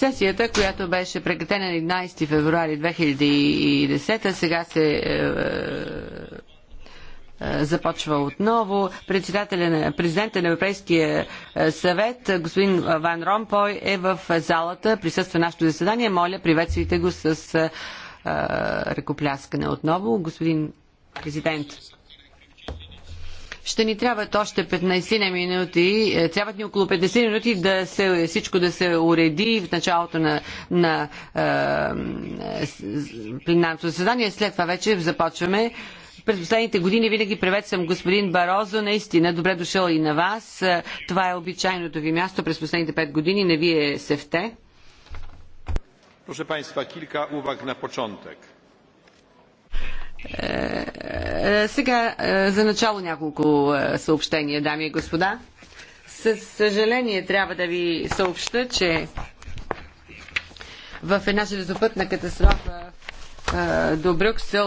Сесията, която беше прекратена на 11 февруари 2010, сега се е, е, е, започва отново. Председателя на, президента на Европейския съвет, господин Ван Ромпой, е в залата, присъства нашето заседание. Моля, приветствайте го с ръкопляскане отново. Господин президент. Ще ни трябват още 15 минути, е, трябват ни около 50 минути да се, всичко да се уреди в началото на, на е, пленарното заседание. След това вече започваме през последните години винаги приветствам господин Барозо. Наистина, добре дошъл и на вас. Е, това е обичайното ви място през последните 5 години. Не вие се вте. Proszę Państwa, kilka uwag na początek. Е, сега е, за начало няколко е, съобщения, дами и господа. Със съжаление трябва да ви съобща, че в една железопътна катастрофа е, до Брюксел